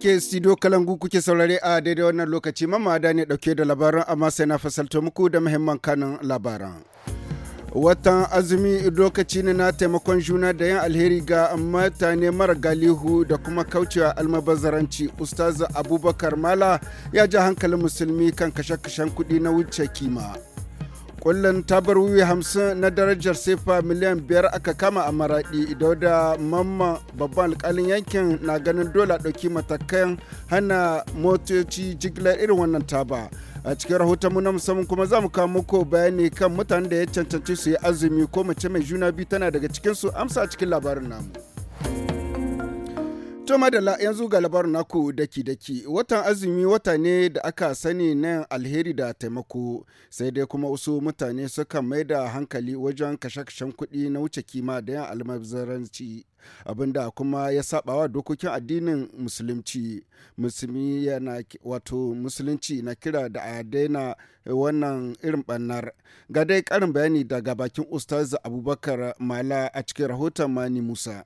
ke studio kalangu kuke saurare a daidai wannan lokaci mamada ne dauke da labaran amma sai na fasalta muku da muhimman kanin labaran watan azumi lokaci ne na taimakon juna da yin alheri ga mutane mara galihu da kuma kaucewa almabazaranci ustaz abubakar mala ya ji hankalin musulmi kan kashe-kashen kuɗi na wuce kima kullum wuyi hamsin na darajar sefa miliyan biyar aka kama a maraɗi da mamma babban alkalin yankin na ganin dole ɗauki matakan hana motoci jigilar irin wannan taba a cikin rahoton mu na musamman kuma za mu kawo muku bayani kan mutanen da ya cancanci su yi azumi ko mace mai juna biyu tana daga cikinsu amsa cikin labarin namu. To madalla yanzu ga labarin naku daki-daki watan azumi wata ne da aka sani na alheri da taimako sai dai kuma wasu mutane suka mai da hankali wajen kashe-kashen kuɗi na wuce kima da yan almabzaranci abinda kuma ya sabawa dokokin addinin musulunci musulmi yana wato musulunci na kira da a daina wannan irin bannar ga dai karin bayani daga bakin ustaz abubakar mala a cikin rahoton mani musa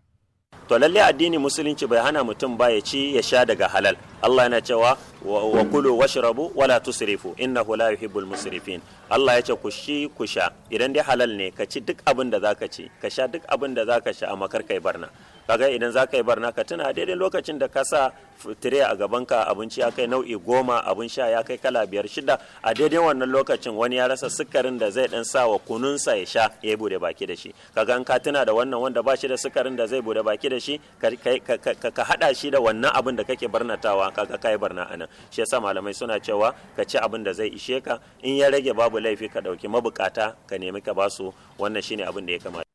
to lalle addini musulunci bai hana mutum ba ya ci ya sha daga halal Allah yana cewa wa kulu washrabu wala tusrifu innahu la yuhibbul musrifin Allah ya ce ku shi ku sha idan dai halal ne ka ci duk abin da zaka ci ka sha duk abin da zaka sha amma kar kai barna kaga idan za ka yi barna ka tuna daidai lokacin da ka sa tire a gaban ka abinci ya kai nau'i goma abin sha ya kai kala biyar shida a daidai wannan lokacin wani ya rasa sukarin da zai dan sa wa kununsa ya sha ya bude baki da shi kaga in ka tuna da wannan wanda ba shi da sukarin da zai bude baki da shi ka hada shi da wannan abin da kake barnatawa kaga kai barna anan shi yasa malamai suna cewa ka ci abin da zai ishe ka in ya rage babu laifi ka ɗauki mabukata ka nemi ka basu wannan shine abin da ya kamata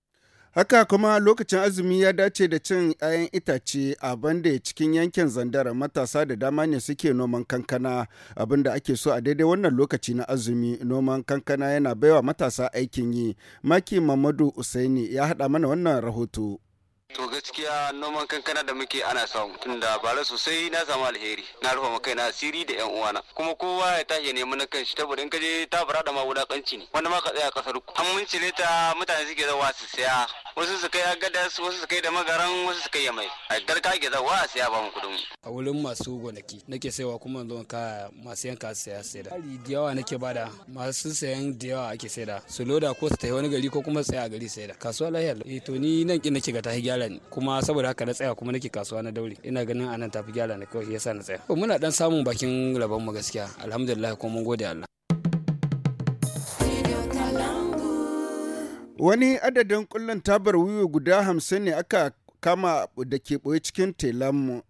Haka kuma lokacin azumi ya dace da cin 'ya'yan itace a banda cikin yankin zandara matasa da dama ne suke noman kankana abinda ake so a daidai wannan lokaci na azumi noman kankana yana baiwa matasa aikin yi. Maki Mamadu Usaini ya haɗa mana wannan rahoto. to gaskiya noman kankana da muke ana samu tunda bara sosai na samu alheri na rufe ma na asiri da yan uwana kuma kowa ya tashi neman nemi na kanshi in ka je ta bara da ma wulakanci ne wanda ma ka tsaya kasar ku an mun cire ta mutane suke zawa su saya wasu su kai agadas wasu su kai da magaran wasu su kai yamai a garka ke zawa a siya ba mu kudin a wurin masu gonaki nake saiwa kuma yanzu ka masu yanka siya saida hari da yawa nake bada masu sayan da yawa ake saida su loda ko su tafi wani gari ko kuma tsaya a gari saida kasuwa lahiyar eh to ni nan ki nake ga tafi gyara ne kuma saboda haka na tsaya kuma nake kasuwa na daure ina ganin anan tafi gyara ne kawai yasa na tsaya muna dan samun bakin rabon mu gaskiya alhamdulillah ko mun gode Allah Wani adadin kullun tabar wiwi guda hamsin ne aka kama da ke ɓoye cikin telan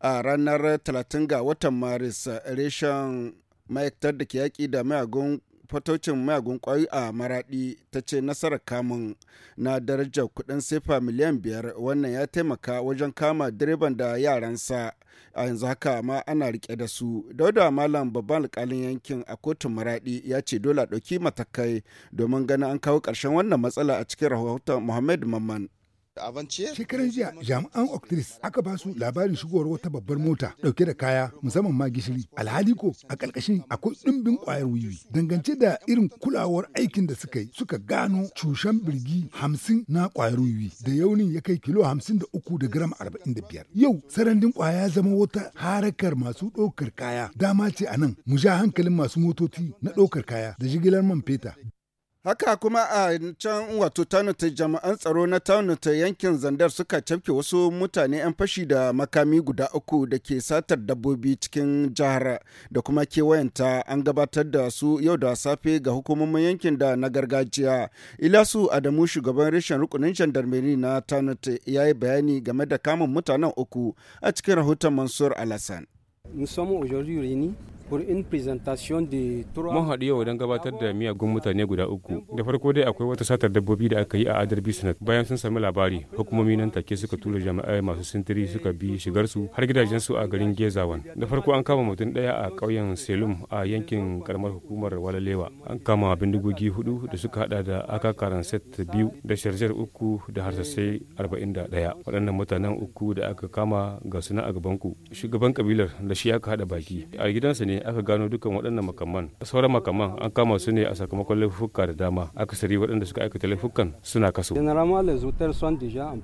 a ranar 30 ga watan Maris reshen ma'aikatar da ke yaƙi da mayagun fatocin mayagun kwayoyi a maradi ta ce nasarar kamun na darajar kudin sefa miliyan biyar wannan ya taimaka wajen kama direban da yaransa a yanzu haka ma ana rike da su dauda malam babban alkalin yankin a kotun maradi ya ce dole a ɗauki matakai domin ganin an kawo karshen wannan matsala a cikin rahoton muhammad mamman Shekaran jiya jami'an Octris aka ba su labarin shigowar wata babbar mota dauke da kaya musamman ma gishiri. Alhali ko a ƙarƙashin akwai ɗimbin ƙwayar wiwi. Dangance da irin kulawar aikin da suka yi suka gano cushen birgi hamsin na ƙwayar wiwi da yaunin ya kai kilo hamsin da uku da gram arba'in da biyar. Yau sarandin kwaya zama wata harakar masu ɗaukar kaya dama ce a nan mu ja hankalin masu motoci na ɗaukar kaya da jigilar man feta. Haka kuma a can wato tanuta jama'an tsaro na tanuta yankin zandar suka cafke wasu mutane 'yan fashi da makami guda uku da ke satar dabbobi cikin jihar da kuma kewayenta an gabatar da su yau da safe ga hukumomin yankin da na gargajiya. Ilasu Adamu shugaban reshen rukunin jandarmeri na tanuta ya yi bayani game da kamun mutanen uku a cikin rahoton Mansur alassane. Mun haɗu yau don gabatar da miyagun mutane guda uku. Da farko dai akwai wata satar dabbobi da aka yi a adar Bisnat. Bayan sun sami labari, hukumomi nan take suka tura jama'ai masu sintiri suka bi shigarsu har su a garin Gezawan. Da farko an kama mutum ɗaya a ƙauyen Selum a yankin karamar hukumar Walalewa. An kama bindigogi hudu da suka hada da akakaran set biyu da sharjar uku da harsassai arba'in da ɗaya. Waɗannan mutanen uku da aka kama ga suna a gabanku. Shugaban kabilar da shi aka haɗa baki a gidansa ne aka gano dukkan waɗannan makaman sauran makaman an kama su ne a sakamakon laifuka da dama akasari waɗanda suka aikata laifukan suna kaso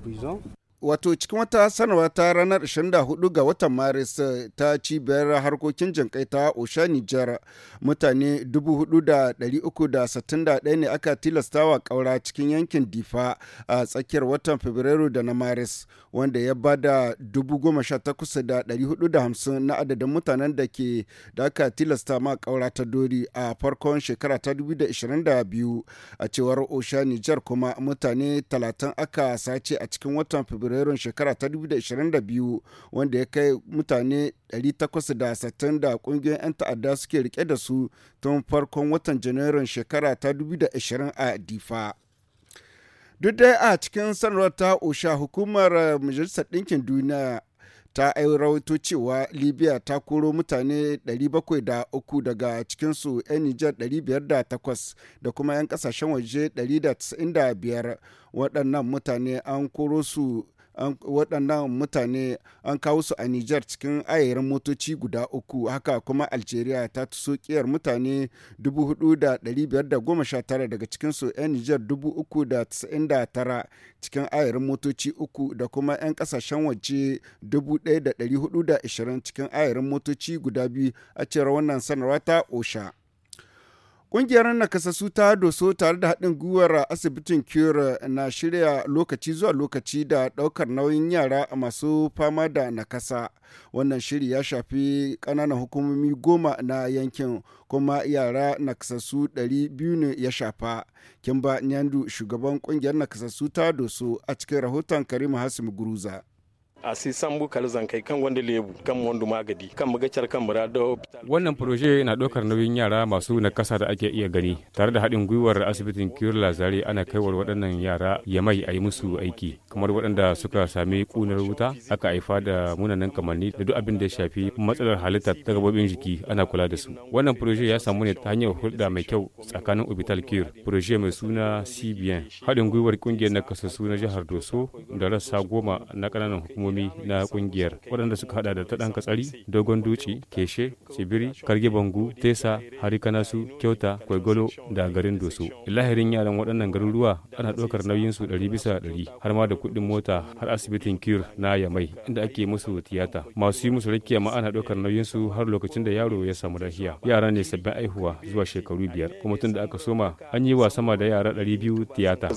prison. wato cikin wata sanarwa ta ranar 24 ga watan maris eh, ta cibiyar harkokin jinkai ta osha nijar mutane 4,361 ne aka tilastawa kaura cikin yankin difa a tsakiyar watan fabrairu da na maris wanda ya ba da 18,450 na adadin mutanen da ke da aka tilasta ma kaura ta dori a farkon shekara ta 2022 a cewar osha nijar kuma mutane 30 aka sace a cikin watan fabrairu fabrairun shekara ta 2022 wanda ya kai mutane 860 da kungiyoyin 'yan ta'adda suke rike da su tun farkon watan janairun shekara ta 2020 a difa. duk dai a cikin sanarwar ta osha hukumar eh, majalisar ɗinkin duniya ta rawaito cewa libya ta koro mutane 703 daga cikinsu 'yan nijar 508 da kuma 'yan kasashen waje 195 waɗannan mutane an koro su waɗannan mutane an kawo su a Nijar cikin ayyarin motoci guda uku haka kuma Algeria ta tuso kiyar mutane 4,519 daga cikinsu 'yan Nijar 3,099 cikin ayyarin motoci uku da kuma 'yan ƙasashen waje 1,420 cikin ayyarin motoci guda biyu a cewar wannan sanarwa ta OSHA. Ƙungiyar nakasassu ta doso tare da haɗin gwiwar asibitin Cure na shirya lokaci zuwa lokaci da ɗaukar nauyin yara masu fama da nakasa. Wannan shiri ya shafi ƙananan hukumomi goma na yankin kuma yara nakasassu ɗari biyu ne ya shafa. Kimba Nyandu shugaban ƙungiyar nakasassu ta doso a cikin rahoton Karim Hasim Guruza. a sai san bu zankai kan wanda lebu kan wanda magadi kan magacar kan mura da wannan proje na ɗaukar nauyin yara masu na kasa da ake iya gani tare da haɗin gwiwar asibitin Kiyar lazari ana kaiwar waɗannan yara ya mai a yi musu aiki kamar waɗanda suka sami kunar wuta aka haifa da munanan kamanni da duk abin da ya shafi matsalar halitta ta gabobin jiki ana kula da su wannan proje ya samu ne ta hanyar hulɗa mai kyau tsakanin Orbital Kiyar proje mai suna CBN haɗin gwiwar kungiyar nakasassu na jihar Doso da rassa goma na ƙananan hukumomi hukumomi na kungiyar waɗanda suka hada da ta katsari dogon duci keshe tsibiri karge bangu tesa harikanasu kyauta kwaigolo da garin doso lahirin yaran waɗannan garuruwa ana ɗaukar nauyin su ɗari bisa ɗari har ma da kuɗin mota har asibitin kir na yamai inda ake musu tiyata masu yi musu rakiya ma ana ɗaukar nauyin su har lokacin da yaro ya samu lafiya yara ne sabbin aihuwa zuwa shekaru biyar kuma tun da aka soma an yi wa sama da yara ɗari biyu tiyata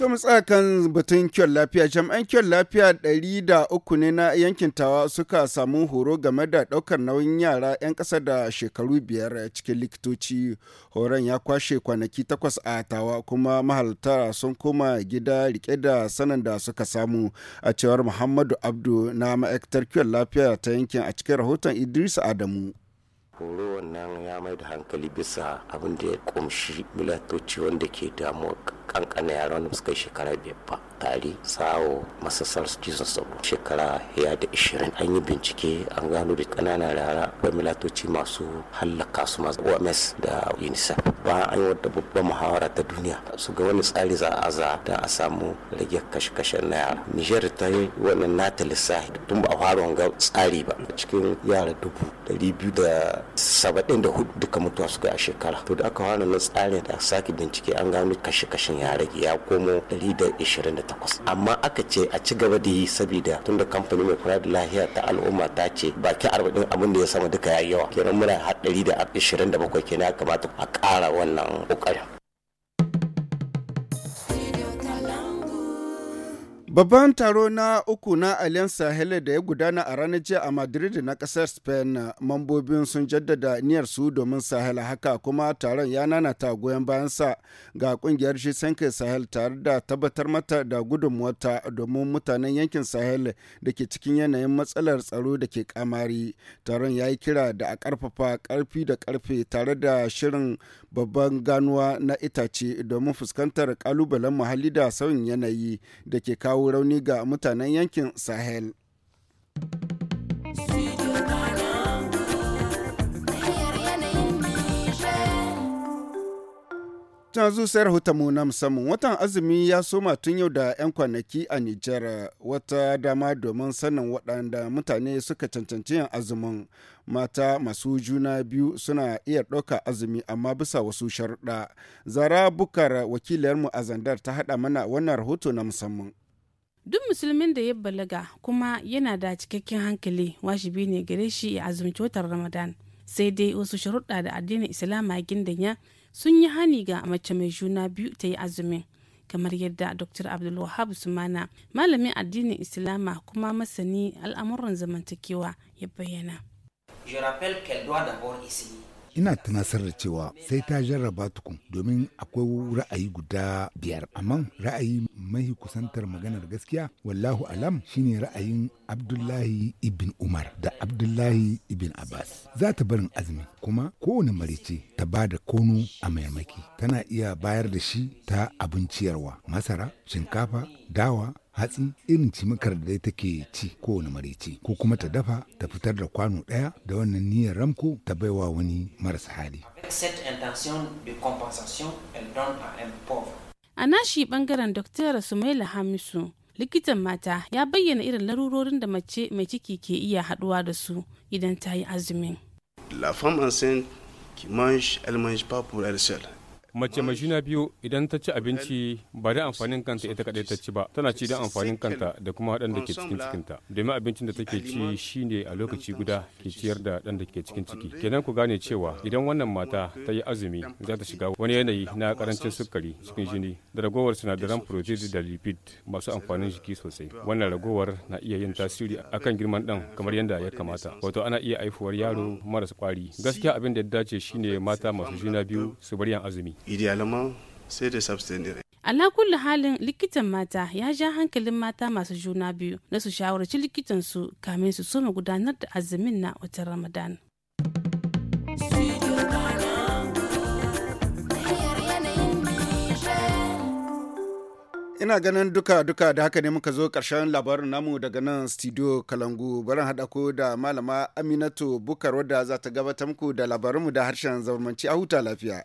To kan batun kiwon lafiya jami'an kiwon lafiya ɗari da uku ne na yankin tawa suka samu horo game da ɗaukar nauyin yara 'yan ƙasa da shekaru biyar cikin likitoci horon ya kwashe kwanaki takwas a tawa kuma mahalarta sun koma gida rike da sanin da suka samu a cewar muhammadu abdu na ma'aikatar kiwon lafiya ta yankin a cikin rahoton idris adamu horo wannan ya mai da hankali bisa abin da ya kumshi milatoci wanda ke damuwa kankana yaran da suka shekara biyar ba tari sawo sars jizon sabo shekara ya da ishirin an yi bincike an gano da kananan yara akwai milatoci masu hallaka su masu oms da unicef bayan an yi wata babban muhawara ta duniya su ga wani tsari za a zata don a samu rage kashe-kashe na yara nijar ta yi wannan nata lissafi tun ba a fara wanga tsari ba a cikin yara dubu dari biyu da saba'in da hudu duka mutuwa suka ga a shekara to da aka fara na tsarin da sake bincike an gano kashe-kashen yara ya komo dari da ishirin da takwas amma aka ce a ci gaba da yi saboda tunda kamfani mai kula da lahiya ta al'umma ta ce baki arba'in abin da ya sama duka ya yawa kenan muna haɗari da ashirin da bakwai kenan ya kamata a ƙara wannan ƙoƙarin Babban taro na uku na alian Sahel da ya gudana a ranar jiya a Madrid na kasar Spain mambobin sun jaddada niyyar su domin Sahel haka kuma taron ya nana tagoyan goyon bayansa ga kungiyar shi sanke Sahel tare da tabbatar mata da gudunmuwarta domin mutanen yankin Sahel da ke cikin yanayin matsalar tsaro da ke kamari. Taron ya yi kira da a karfafa karfi da karfe tare da shirin babban ganuwa na itace domin fuskantar ƙalubalen muhalli da sauyin yanayi da ke kawo kawo rauni ga mutanen yankin Sahel. Can rahoton mu na musamman watan azumi ya soma tun yau da 'yan kwanaki a Nijar wata dama domin sanin waɗanda mutane suka cancanci yin azumin mata masu juna biyu suna iya ɗauka azumi amma bisa wasu sharuɗa. Zara Bukar wakiliyarmu a Zandar ta haɗa mana wannan rahoto na musamman. duk musulmin da ya balaga kuma yana da cikakken hankali wajibi ne gare shi ya azumci watan ramadan sai dai wasu sharuɗa da addinin islama gindanya sun yi hani ga mace mai juna biyu ta yi azumin kamar yadda dr abdulwahab sumana malamin addinin islama kuma masani al'amuran zamantakewa ya bayyana Je rappelle qu'elle doit d'abord essayer ina tunasar da cewa sai ta jarraba tukun domin akwai ra'ayi guda biyar amma ra'ayi mahi kusantar maganar gaskiya wallahu alam shine ra'ayin abdullahi ibn umar da abdullahi ibn abbas za ta barin azumi kuma kowane marice ta ba da kono a maimaki tana iya bayar da shi ta abinciyarwa masara shinkafa dawa hatsi irin cimakar da take ci kowane marici ko kuma ta dafa ta fitar da kwano ɗaya da wannan niyyar ramko ta baiwa wani marasa hali. A nashi bangaren Dr. Sumaila Hamisu, likitan mata ya bayyana irin larurorin da mace mai ciki ke iya haɗuwa da su idan ta yi azumin. La femme enceinte qui mange, elle mange pas pour elle seule. mace mai juna biyu idan ta ci abinci ba da amfanin kanta ita kaɗai ta ci ba tana ci don amfanin kanta da kuma dan da ke cikin cikinta domin abincin da take ci shine a lokaci guda ke ciyar da ɗan da ke cikin ciki kenan ku gane cewa idan wannan mata ta yi azumi za ta shiga wani yanayi na karancin sukari cikin jini da ragowar sinadaran protein da lipid masu amfanin jiki sosai wannan ragowar na iya yin tasiri akan girman ɗan kamar yadda ya kamata wato ana iya haifuwar yaro marasa kwari gaskiya abin da ya dace shine mata masu juna biyu su bar yan azumi idéalement c'est de s'abstenir ala kulli halin likitan mata ya ja hankalin mata masu juna biyu na su shawarci likitansu kamin su soma gudanar da azumin na watan ramadan ina ganin duka duka da haka ne muka zo karshen labarin namu daga nan studio kalangu barin haɗa da malama aminatu bukar wadda za ta gabatar muku da labarinmu da harshen zamanci a huta lafiya